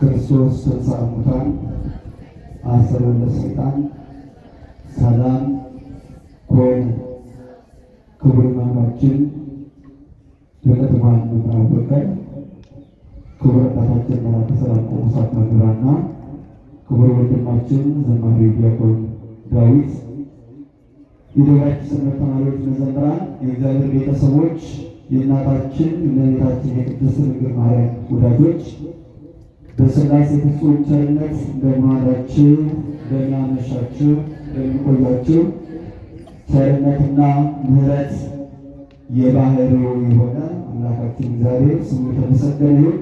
ክርስቶስ ተንሥአ እሙታን አሰሮ ለሰይጣን ሰላም ኮነ። ክቡር አባታችን ደብረ ብርሃን መምህር በቀለ፣ ክቡር አባታችን መላከ ሰላም ቆሞስ አባ ክቡር ወንድማችን ዘማሪ ዲያቆን ዳዊት፣ የደብራችን ሰንበት ተማሪዎች፣ መዘምራን፣ የእግዚአብሔር ቤተሰቦች፣ የእናታችን የእመቤታችን የቅድስት ድንግል ማርያም ወዳጆች በስላሴ ፍጹም ቸርነት እንደምን ዋላችሁ፣ በሚቆያችሁ ቸርነትና ምሕረት የባህሪው የሆነ አምላካችን እግዚአብሔር ስሙ የተመሰገነ ይሁን።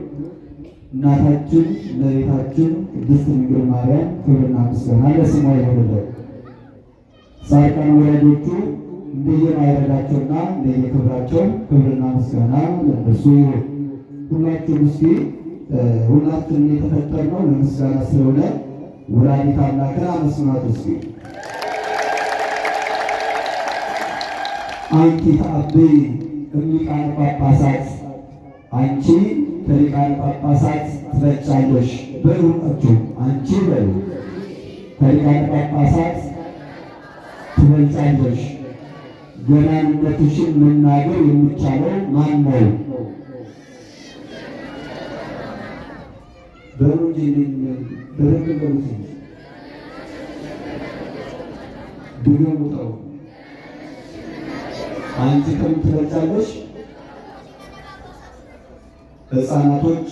እናታችን እመቤታችን ቅድስት ድንግል ማርያም ክብርና ምስጋና ለስሟ ይሁንልን። ጻድቃን ወላጆቹ እንደየማዕረጋቸውና እንደየክብራቸው ክብርና ምስጋና ለእነርሱ ይሁን። ሁላችሁም እስኪ ሁላችንም የተፈጠርነው ለምስጋና ስለሆነ ወላዲተ አምላክን አመስግናት እስኪ አንቲ ተአብይ እምሊቃነ ጳጳሳት አንቺ ከሊቃነ ጳጳሳት ትበልጫለሽ በሉ እጩ አንቺ በሉ ከሊቃነ ጳጳሳት ትበልጫለሽ ገናንነትሽን መናገር የሚቻለው ማን ነው በሩጅ በደንብ ቅሩት ድገሙጠው አንቺ ከምትረጫለሽ ህፃናቶች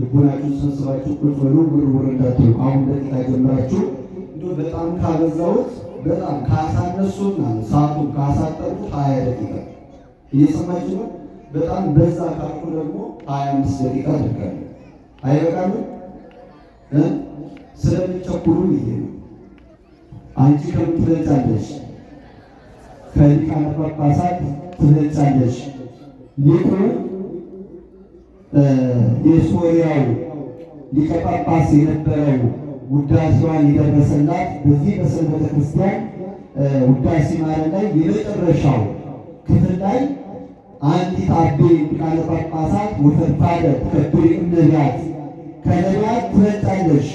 ልቡናችሁን ሰብስባችሁ ቁጭ በሉ። ውርውር እንዳትሉ አሁን ደቂቃ ጀምራችሁ እንዲሁ በጣም ካበዛሁት በጣም ካሳነሱት ማለት ሰዓቱን ካሳጠሩት ሀያ ደቂቃ እየሰማችሁ ነው። በጣም በዛ ካልኩ ደግሞ ሀያ አምስት ደቂቃ አድርጋለሁ። አይበቃሉ ስለሚቸኩሉ ይሄ ነው። አንቺ ከምን ትበልጫለሽ? ከሊቃነ ጳጳሳት ትበልጫለሽ። ሊቁ የሶሪያው ሊቀ ጳጳስ የነበረው ውዳሴዋን የደረሰላት በዚህ በሰንበተ ክርስቲያን ውዳሴ ማለት ላይ የመጨረሻው ክፍል ላይ አንዲት አቤ ሊቃነ ጳጳሳት ወፈድፋደ ትከብሪ እምነቢያት ከነቢያት ትበልጫለሽ፣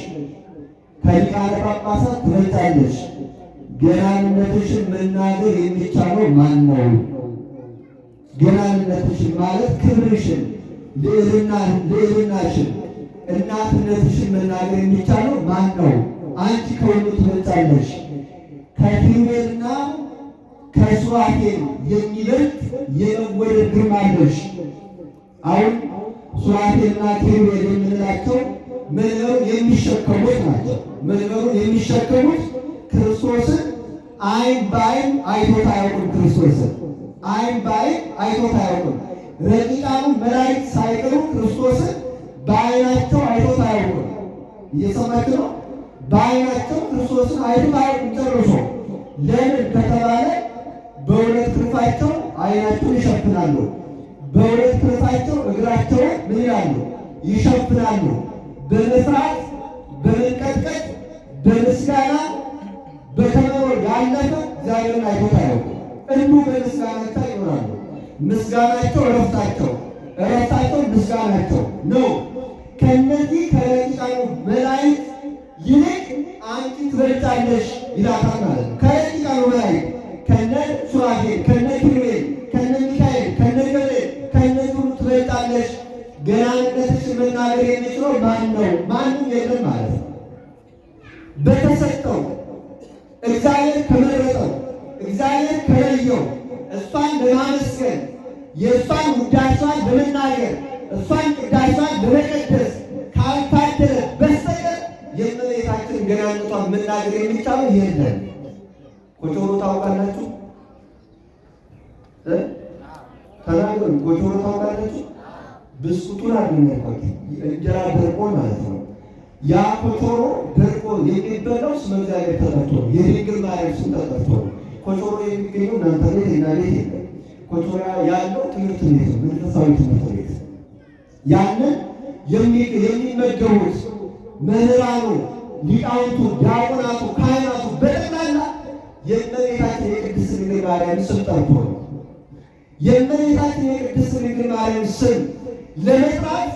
ከሊቃነ ጳጳሳት ትበልጫለሽ። ገናንነትሽን መናገር የሚቻለው ማን ነው? ገናንነትሽን ማለት ክብርሽን፣ ልዕልናሽን፣ እናትነትሽን መናገር የሚቻለው ማን ነው? አንቺ ከሁሉ ትበልጫለሽ። ከኪሩቤልና ከሱራፌል የሚበልጥ የመወደድ ግርማ አለሽ። አሁን ሱራፌልና ኪሩቤል የምንላቸው መንበሩን የሚሸከሙት ናቸው። መንበሩን የሚሸከሙት ክርስቶስን ዓይን በዓይን አይቶት አያውቅም። ክርስቶስን ዓይን በዓይን አይቶት አያውቅም። ረቂቃኑ መላእክት ሳይቀሩ ክርስቶስን በዓይናቸው አይቶት አያውቅም። እየሰማችሁ ነው። በዓይናቸው ክርስቶስን አይቶት አያውቅም ጨርሶ ለምን ከተባለ በሁለት ክንፋቸው አይናቸውን ይሸፍናሉ። በሁለት ክንፋቸው እግራቸው ምን ይላሉ? ይሸፍናሉ። በመፍራት በመንቀጥቀጥ በምስጋና በከመኖር ያለፈ እግዚአብሔርን አይቶት አያውቁ። እንዱ በምስጋና ይኖራሉ። ምስጋናቸው እረፍታቸው፣ እረፍታቸው ምስጋናቸው ነው። ከእነዚህ ከረቂቃኑ መላእክት ይልቅ አንቺ ትበልጫለሽ ይላታል ማለት ነው። ከረቂቃኑ መላእክት ከነ ሱራፌል፣ ከነ ኪሩቤል፣ ከነ ሚካኤል፣ ከነ ገብርኤል፣ ከነ ሁሉ ትበልጣለሽ። ገናነትሽ መናገር የሚችለው ማን ነው? ማንም የለም ማለት ነው። በተሰጠው እግዚአብሔር ከመረጠው እግዚአብሔር ከለየው እሷን በማመስገን የእሷን ውዳሴዋን በመናገር እሷን ቅዳሴዋን በመቀደስ ካልታደረ በስተቀር የእመቤታችን ገናነቷን መናገር የሚቻለው የለም። ጎጆ ሆኖ ታውቃላችሁ? ተናገሩ። ጎጆ ታውቃላችሁ? ብስኩቱን አገኛልኳችሁ እንጀራ ደርቆ ማለት ነው። ያ ኮቾሮ ደርቆ የሚበላው ስመ እግዚአብሔር ተጠርቶ ነው። የድንግል ማርያም ስም ተጠርቶ ነው። ኮቾሮ የሚገኘው እናንተ ቤት እና ቤት ኮቾሮ ያለው ትምህርት ቤት ነው፣ መንፈሳዊ ትምህርት ቤት። ያንን የሚመገቡት መምህራኑ፣ ሊቃውንቱ፣ ዲያቆናቱ፣ ካህናቱ በጠቅላላ የእመቤታችን የቅድስት ድንግል ማርያም ስም ጠርቶ የእመቤታችን የቅድስት ድንግል ማርያም ስም ለመጥራት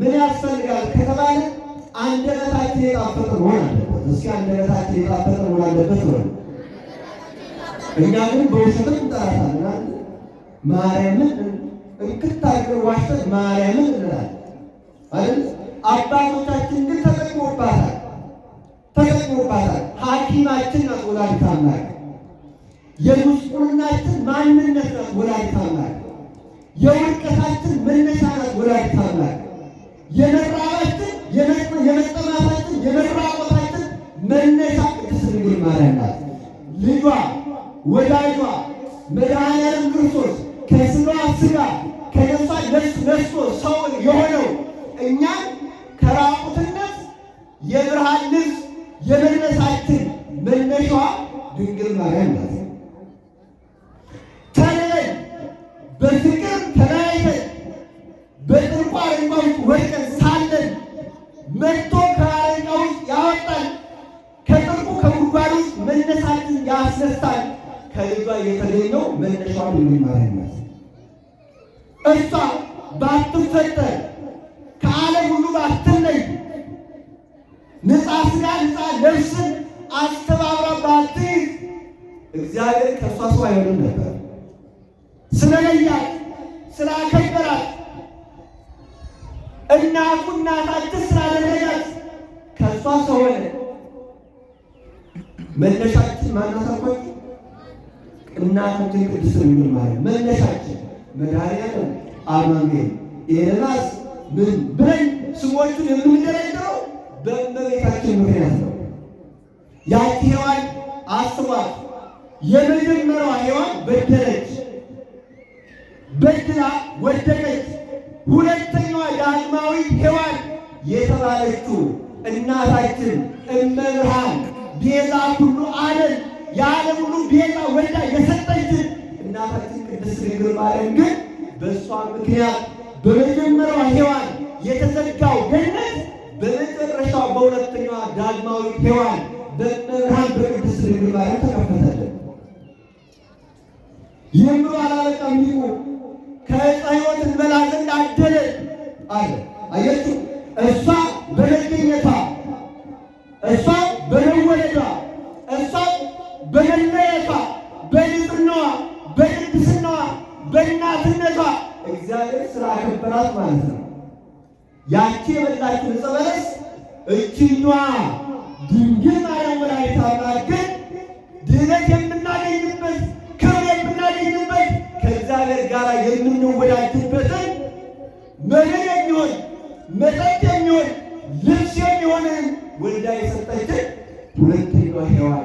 ምን ያስፈልጋል ከተባለ አንደበታችን የጣፈጠ መሆን አለበት። እስኪ አንደበታችን የጣፈጠ መሆን አለበት ነው። እኛ ግን በውሸትም እንጠራታለን። ማርያምን እንክት ዋሽተን ማርያምን እንላለን አይደል? አባቶቻችን ግን ተጠቅሞባታል። ተጠቅሞባታል። ሐኪማችን ናት ወላዲተ አምላክ። የጉስቁልናችን ማንነት ናት ወላዲተ አምላክ። የውድቀታችን መነሻ ናት ወላዲተ አምላክ። የመራባችን፣ የመጠማታችን፣ የመራቆታችን መነሻ ቅድስት ድንግል ማርያም ናት። ልጇ ወዳጇ መድኃኒዓለም ክርስቶስ ከስጋ ስጋ ከነሳ ነስቶ ሰው የሆነው እኛን ከራቁትነት የብርሃን ልብስ የመነሳችን መነሻዋ ድንግል ማርያም ናት። ተለየን በፍቅር ተለያይተን በጥልቁ አረንቋ ውስጥ ወድቀን ሳለን መጥቶ ከአረንቋ ውስጥ ያወጣን ከጥልቁ ከጉድጓድ ውስጥ መነሳትን ያስነሳን ከልጇ የተለየው መነሻዋ ድንግል ማርያም ናት። እሷ ባትፈጠር ከዓለም ሁሉ ባትለይ ንጻ ስጋ ንጻ ደምስን አስተባብራ ባትይዝ እግዚአብሔር ከእሷ ሰው አይሆንም ነበር። ስለለያት ስላከበራት እናቱ እናታችን ስላለለያት ከእሷ ሰው ሆነ። መነሻችን ማናት አልኳችሁ? እናታችን ቅድስት ድንግል ማርያም መነሻችን መድኃኒዓለም አማኑኤል ኤልያስ ምን ብለን ስሞቹን በእመቤታችን ምክንያት ነው። ያቺ ሔዋን አስቧት፣ የመጀመሪያዋ ሔዋን በደለች፣ በድላ ወደቀች። ሁለተኛዋ ዳግማዊት ሔዋን የተባለችው እናታችን እመብርሃን ቤዛ ሁሉ ዓለም የዓለም ሁሉ ቤዛ ወዳ የሰጠችን እናታችን ቅድስት ድንግል ማርያም ግን በእሷ ምክንያት በመጀመሪያዋ ሔዋን የተዘጋው ገነት በመጨረሻ በሁለተኛዋ ዳግማዊ ሔዋን በመብርሃን በቅድስት ድንግል ማርያም ተከፈተልን። ይህም አላለቃ ሚሁ ከዕፀ ሕይወት እንበላ ዘንድ አደለን አለ። አያችሁ እሷ በመገኘቷ እሷ በመወለዷ እሷ በመለየቷ በንጽህናዋ በቅድስናዋ በእናትነቷ እግዚአብሔር ስራ አከበራት ማለት ነው። ያቺ የበላችሁ ዕፀ በለስ እችኛ ድንግል ማርያም አምላክ ግን የምናገኝበት ክብር የምናገኝበት ከእግዚአብሔር ጋር የምንወዳጅበትን መድን የሚሆን መጠጥ የሚሆን ልብስ የሚሆንን ወልዳ የሰጠችን ሔዋን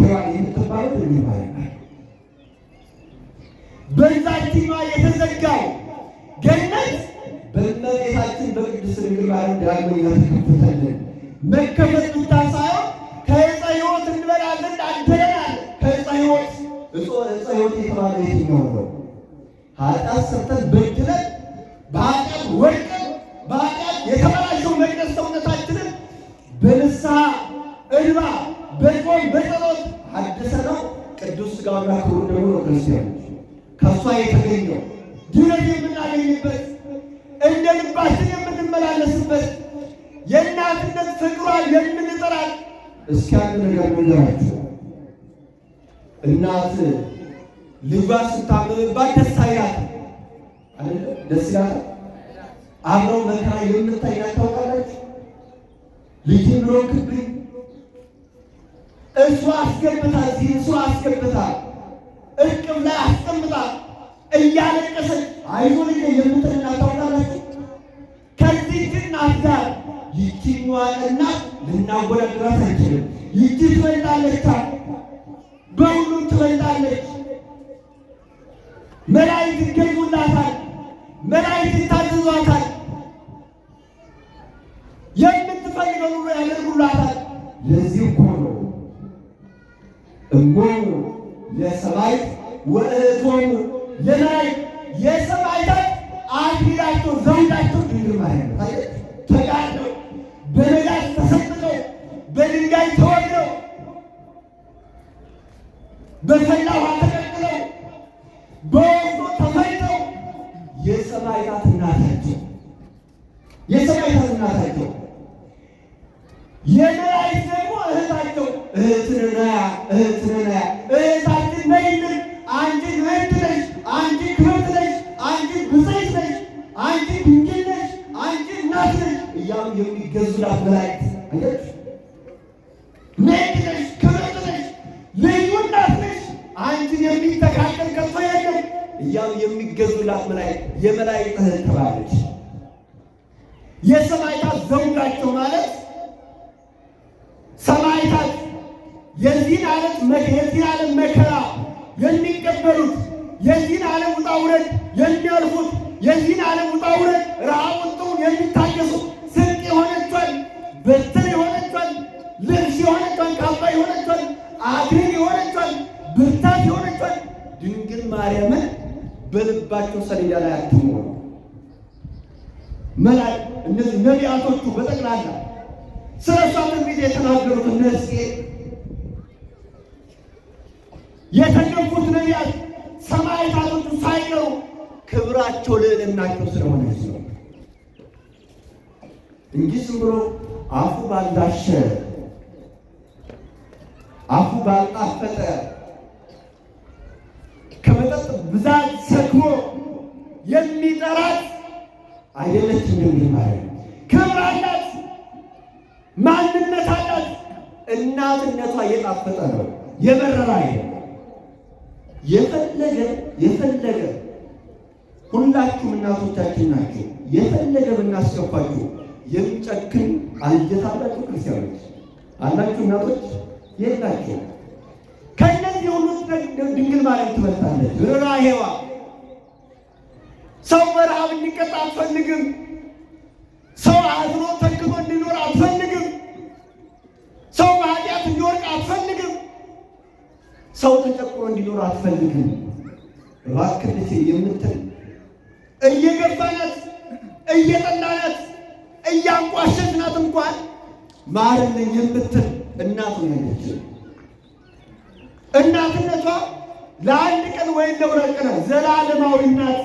ሔዋን የምትባለው የተዘጋው ገነት በእመቤታችን በቅድስት ድንግል ማርያም ዳግመኛ ተከፈተልን። መከፈት ብቻ ሳይሆን ከዕፀ ሕይወት እንበላ ዘንድ አደረናል። ከዕፀ ሕይወት ዕፀ ሕይወት የተባለ የትኛው ነው? ኃጢአት ሰርተን በድለን በኃጢአት ወድቀን በኃጢአት የተበላሸው መቅደስ ሰውነታችንን በንስሐ እንባ በጾም በጸሎት አድሰነው ቅዱስ ሥጋውና ክቡር ደሙ ነው ክርስቲያኖች ከእሷ የተገኘው ያመዛችሁ እናት ልጇን ስታምምባት ደስ አይላት ደስ ይላል። አብረው መከራ የምታይ ታውቃለች። ልጅ ብሎ ክብኝ እሱ አስገብታ እዚህ እሱ አስገብታ እርቅም ላይ አስቀምጣ እያለቀሰች አይዞ ልጅ የምትልና ታውቃለች። ከዚህ እናት ጋር ይችኛዋን እናት ልናወዳድራት አንችልም። ይቺ ትበልጣለች፣ በሁሉም ትበልጣለች። መላእክት ይገዙላታል፣ መላእክት ይታዘዟታል፣ የምትፈልገው ሁሉ ያደርጉላታል። ለዚህ እኮ ነው እሞ ለሰማዕት ወእህቶሙ ለመላእክት አክሊላቸው ዘውዳቸው ድንግል ማርያም ተሰጥተው በድንጋይ በፈላ ውሃ ተቀቅለው በወንዶ ተፈይተው የሰማዕታት እናታቸው የሰማዕታት እናታቸው የመላእክት ደግሞ እህታቸው እህትንናያ እህትንናያ እህታችን ነይልን አንቺ ንህት ነሽ፣ አንቺ ክብርት ነሽ፣ አንቺ ብፅዕት ነሽ፣ አንቺ ድንግል ነሽ፣ አንቺ እናት ነሽ እያሉ የሚገዙላት መላእክት አይደል ያው የሚገዙላት መላእክት የመላእክት እህል ተባለች። የሰማይታት ዘውዳቸው ማለት ሰማይታት የዚህን ዓለም የዚህን ዓለም መከራ የሚቀበሉት የዚህን ዓለም ውጣ ውረድ የሚያልፉት የዚህን ዓለም ውጣ ውረድ ረሃቡን፣ ጥሙን የሚታገሱ ስንቅ የሆነቿን በትር የሆነቿን ልብስ የሆነቿን ካባ የሆነቿን አክሊል የሆነቿን ብርታት የሆነቿን ድንግል ማርያምን በልባቸው ሰሌዳ ላይ አትሞ መላይ እነዚህ ነቢያቶቹ በጠቅላላ ስለ እሳትን የተናገሩት እነዚህ የተገፉት ነቢያት ሰማዕታቶቹ ሳይቀሩ ክብራቸው ልዕልናቸው ስለሆነ ነው እንጂ ዝም ብሎ አፉ ባልዳሸ አፉ ባልጣፈጠ ብዛት ሰክሞ የሚጠራት አይደለች። እንደምን ማለት ክብር አላት፣ ማንነት አላት። እናትነቷ የጣፈጠ ነው፣ የበረራ አይደለም። የፈለገ የፈለገ ሁላችሁም እናቶቻችን ናችሁ። የፈለገ ብናስገባችሁ የሚጨክን አንጀት አላችሁ ክርስቲያኖች? አላችሁ እናቶች? የላችሁ ከእነዚህ ሁሉ ድንግል ማርያም ትበልጣለች። ሄዋ ሰው በረሃብ እንዲቀጣ አትፈልግም። ሰው አዝኖ ተክቶ እንዲኖር አትፈልግም። ሰው በኃጢአት እንዲወርቅ አትፈልግም። ሰው ተጨቁሮ እንዲኖር አትፈልግም። እባክህ የምትል እየገፋናት እየጠላናት እያንቋሸሽናት እንኳን ማርልን የምትል እናት ነች። እናትነቷ ለአንድ ቀን ወይም ለሁለት ቀን ዘላለማዊ እናት፣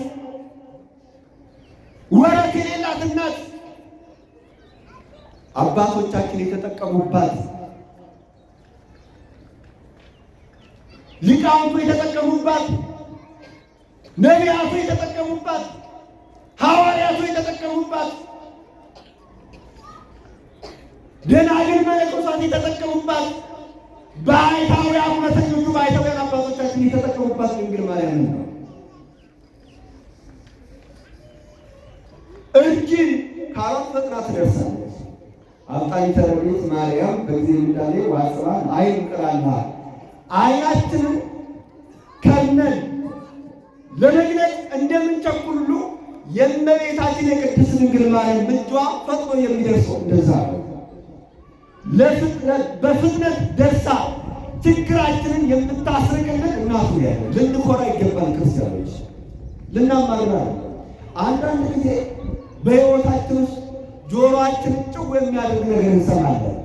ወረት የሌላት እናት፣ አባቶቻችን የተጠቀሙባት ሊቃውንቱ የተጠቀሙባት ነቢያቱ የተጠቀሙባት ሐዋርያቱ የተጠቀሙባት ደናግል መነኮሳት የተጠቀሙባት ባይታውያን እውነተኞቹ ባይታውያን አባቶቻችን የተጠቀሙባት ድንግል ማርያም ነው። እጅን ካሮት ፈጥና ትደርሳለች። አብጣኝ ተረቤት ማርያም በጊዜ ምዳሌ ዋጽባን አይን ቅራና አይናችንን ከነን ለመግለጽ እንደምንቸኩሉ የእመቤታችን የቅድስት ድንግል ማርያም ምጇ ፈጥኖ የሚደርሰው እንደዛ ነው። በፍጥነት ደርሳ ችግራችንን የምታስርቅልን እናቱ ያለ ልንኮራ ይገባል። ክርስቲያኖች ልናማርና አንዳንድ ጊዜ በሕይወታችን ውስጥ ጆሮአችን ጭው የሚያደርግ ነገር እንሰማለን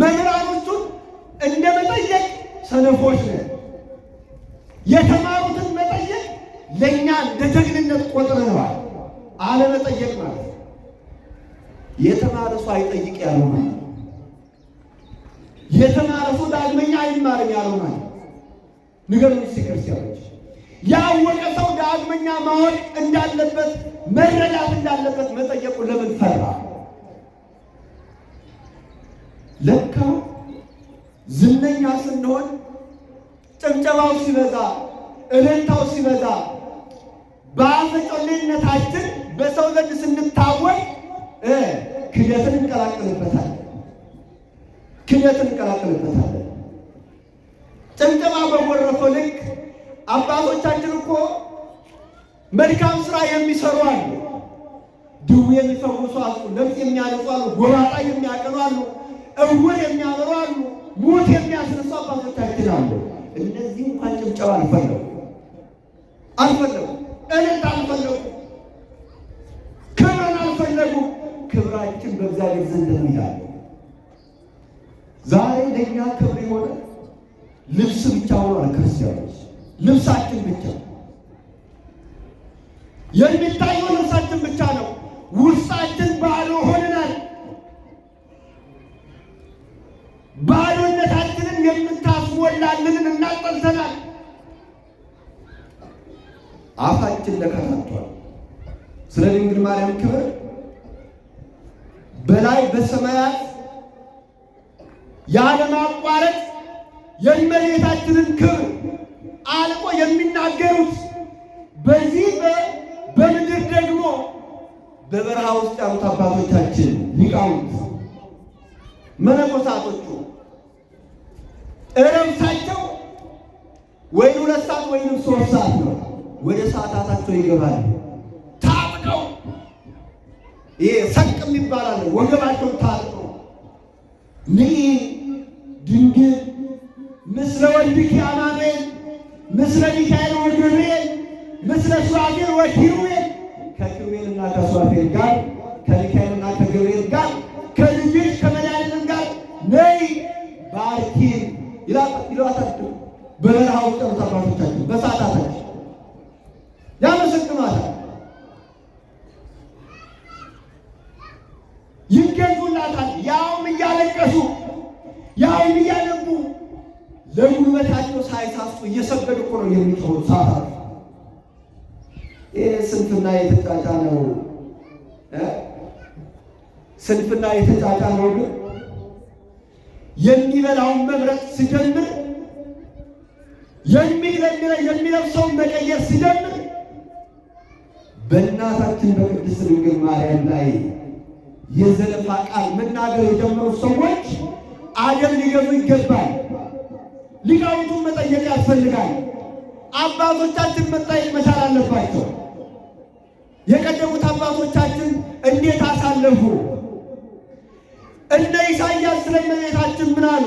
መምህራን አይጠይቅ ያለው ማለት የተማረ ሰው ዳግመኛ አይማርም ያለው ማለት ንገሩ ስ ክርስቲያኖች፣ ያወቀ ሰው ዳግመኛ ማወቅ እንዳለበት መረዳት እንዳለበት መጠየቁ ለምን ፈራ? ለካ ዝነኛ ስንሆን ጭብጨባው ሲበዛ እልልታው ሲበዛ በአፈ ጮሌነታችን በሰው ዘንድ ስንታወቅ ክደትን እንቀላቅልበታለን። ክደትን እንቀላቅልበታለን። ጭምጭማ በጎረፈው ልክ አባቶቻችን እኮ መልካም ስራ የሚሰሩ አሉ። ድዌ የሚፈውሱ አሉ። ለምጽ የሚያነጹ አሉ። ጎባጣ የሚያቀኑ አሉ። እውር የሚያበሩ አሉ። ሞት የሚያስነሱ አባቶቻችን አሉ። እነዚህ እንኳን ጭብጨባ አልፈለጉ አልፈለጉ እልልታ አልፈለጉ ክብርን አልፈለጉ ክብራችን በእግዚአብሔር ዘንድ ነው ይላል። ዛሬ ለእኛ ክብር የሆነ ልብስ ብቻ ሆኗል። ክርስቲያኖች ልብሳችን ብቻ የሚታየው ልብሳችን ብቻ ነው። ውስጣችን ባዶ ሆነናል። ባዶነታችንን የምታስሞላልን እናጠልተናል። አፋችን ለከታቷል። ስለ ድንግል ማርያም ክብር በላይ በሰማያት ያለማቋረጥ የእመቤታችንን ክብር አልቆ የሚናገሩት በዚህ በምድር ደግሞ በበረሃ ውስጥ ያሉት አባቶቻችን ሊቃውንት መነኮሳቶቹ እረብሳቸው ወይም ሁለት ሰዓት ወይም ሶስት ሰዓት ነው። ወደ ሰዓታታቸው ይገባል። ይሄ ሰቅም ይባላል። ወገባቸው ታጥቆ ንኢ ድንግል ምስለ ወልድኪ አማኑኤል ምስለ ሚካኤል ወገብርኤል ምስለ ሱራፌል ወኪሩቤል ከኪሩቤልና ከሱራፌል ጋር ከሚካኤልና ከገብርኤል ጋር ጋር ነይ ባርኪ ይሏታቸው። አባቶቻቸው ያመሰግኗታል። ይገዙላታል። ያውም እያለቀሱ ያውም እያለቡ ለጉልበታቸው ሳይሳሱ እየሰገዱ እኮ ነው የሚተውት። ሰዓታት ይህ ስንፍና የተጫጫ ነው። ስንፍና የተጫጫ ነው። ግን የሚበላውን መምረጥ ሲጀምር፣ የሚለብሰውን መቀየር ሲጀምር በእናታችን በቅድስት ድንግል ማርያም ላይ የዘለፋ ቃል መናገር የጀመሩ ሰዎች አደብ ሊገዙ ይገባል። ሊቃውንቱን መጠየቅ ያስፈልጋል። አባቶቻችን መጠየቅ መቻል አለባቸው። የቀደሙት አባቶቻችን እንዴት አሳለፉ? እነ ኢሳይያስ ስለ እመቤታችን ምን አሉ?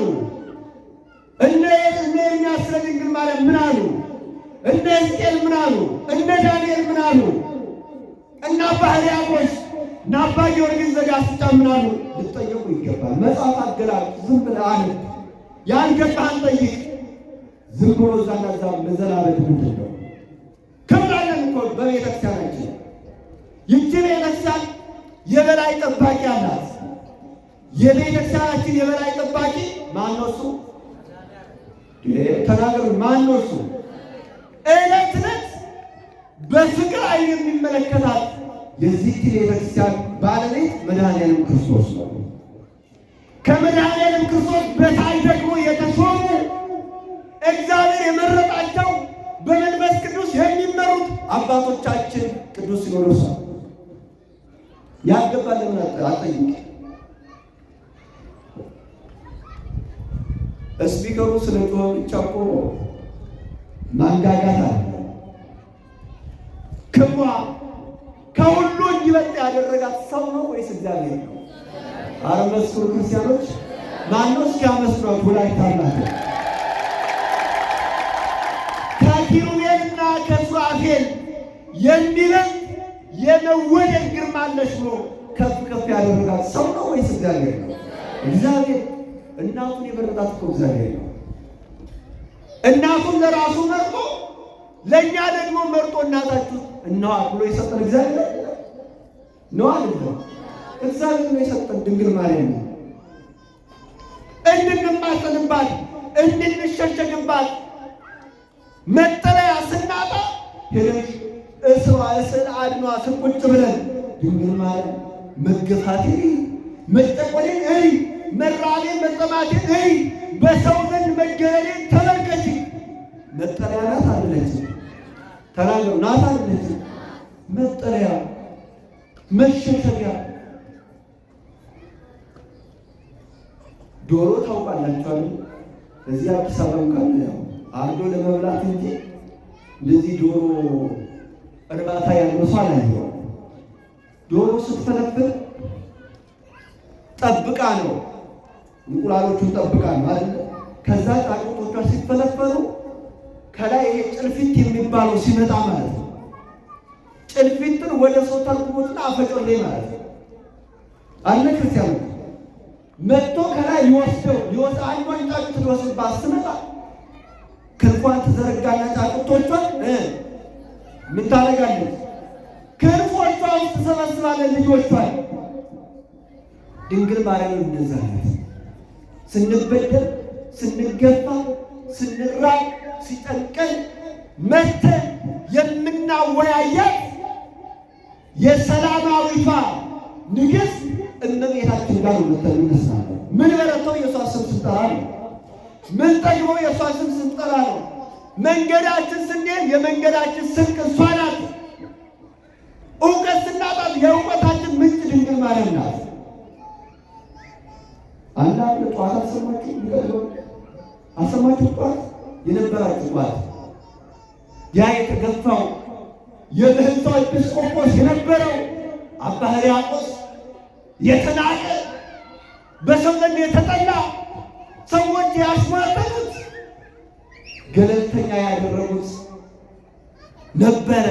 እነ ኤርምያስ ስለ ድንግል ማርያም ምን አሉ? እነ ሕዝቅኤል ምን አሉ? እነ ዳንኤል ምን አሉ? እና ባህርያቆስ አባ ጊዮርጊስ ዘጋስጫ ምን አሉ? ልጠየቁ ይገባል። መጽሐፍ አገላቅ ዝም ብለህ አለ ያልገባህን ጠይቅ። ዝም ብሎ እዛና እዛ መዘላበት ምንድን ነው? ክብራለን እኮ በቤተክርስቲያናችን ይቺ ቤተክርስቲያን የበላይ ጠባቂ አላት። የቤተክርስቲያናችን የበላይ ጠባቂ ማን ተናገሩ። ማን ነው እሱ? በፍቅር አይን የሚመለከታት የዚህ ቤተክርስቲያን ባለቤት መድኃኔዓለም ክርስቶስ ነው። ከመድኃኔዓለም ክርስቶስ በታይ ደግሞ የተሾሙ እግዚአብሔር የመረጣቸው በመንፈስ ቅዱስ የሚመሩት አባቶቻችን ቅዱስ ሲኖዶስ ያገባል። ለምን አጠይቅ እስፒከሩ ስለ ጮኸ ብቻ እኮ ማንጋጋት አለ ክሟ ከሁሉ ይበልጥ ያደረጋት ሰው ነው ወይስ እግዚአብሔር ነው? አረ መስክሩ ክርስቲያኖች። ማነው እስኪ ያመስክሯት? ወላይታ ናት። ከኪሩቤልና ከሱራፌል የሚበልጥ የመወደድ ግርማ አለሽ ብሎ ከፍ ከፍ ያደረጋት ሰው ነው ወይስ እግዚአብሔር ነው? እግዚአብሔር እናቱን የመረጣት እኮ እግዚአብሔር ነው። እናቱን ለራሱ መርጦ ለእኛ ደግሞ መርጦ እናታችሁ እነዋ ብሎ የሰጠን እግዚአብሔር ነው አይደለም። እግዚአብሔር ነው የሰጠን ድንግል ማርያም ነው እንድንማጸንባት፣ እንድንሸሸግባት መጠለያ ስናጣ ሄደሽ እስሯ እስል አድኗ ስቁጭ ብለን ድንግል ማርያም መገፋቴ መጠቆሌ እይ መራሌ መጠማቴ እይ በሰው ዘንድ መገለሌ ተመልከች መጠለያ ናት አለች። ተናገሩ። ናታነት መጠለያ፣ መሸሸሪያ። ዶሮ ታውቃላችኋል። እዚህ አዲስ አበባም ካለ ያው አርዶ ለመብላት እንጂ እንደዚህ ዶሮ እርባታ ያለው ሰው አላየሁም። ዶሮ ስትፈለፍል ጠብቃ ነው፣ እንቁላሎቹን ጠብቃ ነው አይደል? ከዛ ጫጩቶቿ ሲፈለፈሉ ከላይ ይሄ ጭልፊት የሚባለው ሲመጣ ማለት ነው። ጭልፊትን ወደ ሰው ተርጉሞትና አፈጮሌ ማለት ነው። አለ ክርስቲያኑ መጥቶ ከላይ ሊወስደው ሊወስ አንዷን ጫጩት ሊወስድባት ስመጣ ክንፏን ትዘረጋና ጫጩቶቿን ምን ታደርጋለች? ክንፎቿ ውስጥ ትሰበስባለች ልጆቿን። ድንግል ማርያም እንደዛ ናት። ስንበደል ስንገፋ ስንራብ ሲጠንቀን መተን የምናወያያት የሰላማዊቷ ንግሥት እመቤታችን ጋር መተን እንሳለን። ምን በረተው የእሷ ስም ስንጠራ ነው። ምን ጠግቦ የእሷ ስም ስንጠራ ነው። መንገዳችን ስንሄድ የመንገዳችን ስልክ እሷ ናት። እውቀት ስናጣት የእውቀታችን ምንጭ ድንግል ማርያም ናት። አንዳንድ ጠዋታት ሰማችሁ ይቀጥሎ አሰማችሁ ቋት የነበራችሁ ቋት ያ የተገፋው የብህንታው ኤጲስቆጶስ የነበረው አባ ሕርያቆስ የተናቀ በሰው ዘንድ የተጠላ ሰዎች ያስማጠሉት ገለልተኛ ያደረጉት ነበረ።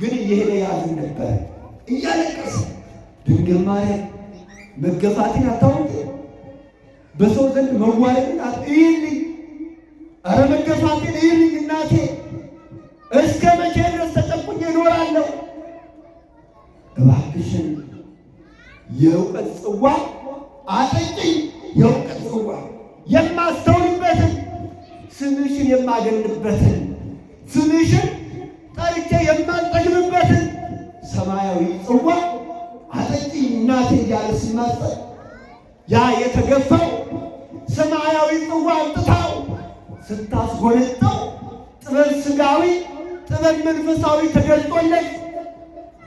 ግን እየሄደ ያዝን ነበረ እያለቀሰ ድንግል ማርያም መገፋትን አታውቅ በሰው ዘንድ መዋረድን እይልኝ፣ አረ መገፋቴን እይልኝ እናቴ እስከ መቼ ድረስ ተጠቁኝ እኖራለሁ? እባክሽን የእውቀት ጽዋ አጠጪኝ፣ የእውቀት ጽዋ የማስተውልበትን ስምሽን የማገንበትን ስምሽን ጠርቼ የማጠግብበትን ሰማያዊ ጽዋ አጠጪኝ እናቴ እያለ ሲማጸን ያ የተገፋው ሰማያዊ ጽዋ አምጥታው ስታስጎነጠው ጥበብ ስጋዊ ጥበብ መንፈሳዊ ተገልጦለት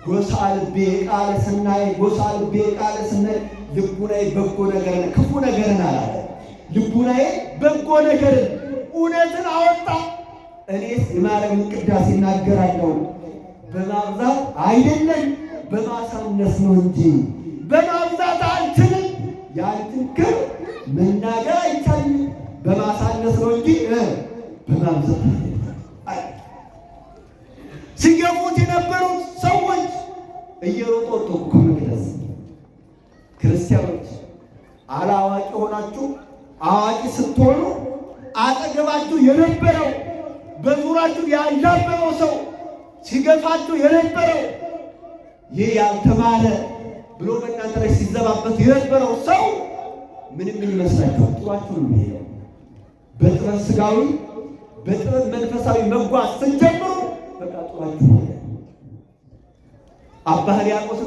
ጎሳ ልቤ ቃለ ስናይ ጎሳ ልቤ ቃለ ስናይ ልቡናዬ በጎ ነገርን ክፉ ነገርን አላለ። ልቡናዬ በጎ ነገርን እውነትን አወጣ። እኔስ የማርያምን ቅዳሴ እናገራለሁ በማብዛት አይደለም በማሳነስ ነው እንጂ በማብዛት አልችልም ያልትክር ምን ማምዘት ሲገፉት የነበሩት ሰዎች እየሮጡ ወጡ እኮ መቅደስ። ክርስቲያኖች አላዋቂ ሆናችሁ አዋቂ ስትሆኑ አጠገባችሁ የነበረው በዙራችሁ ያልነበረው ሰው ሲገፋችሁ የነበረው ይህ ያልተማረ ብሎ በእናንተ ላይ ሲዘባበት የነበረው ሰው ምንም ምን ይመስላችኋል? ጥሯችሁ ነው የሚሄደው በጥረት ስጋዊ በጥበብ መንፈሳዊ መጓዝ ስንጀምሩ በቃ ጥሯችሁ አባ ሕርያቆስ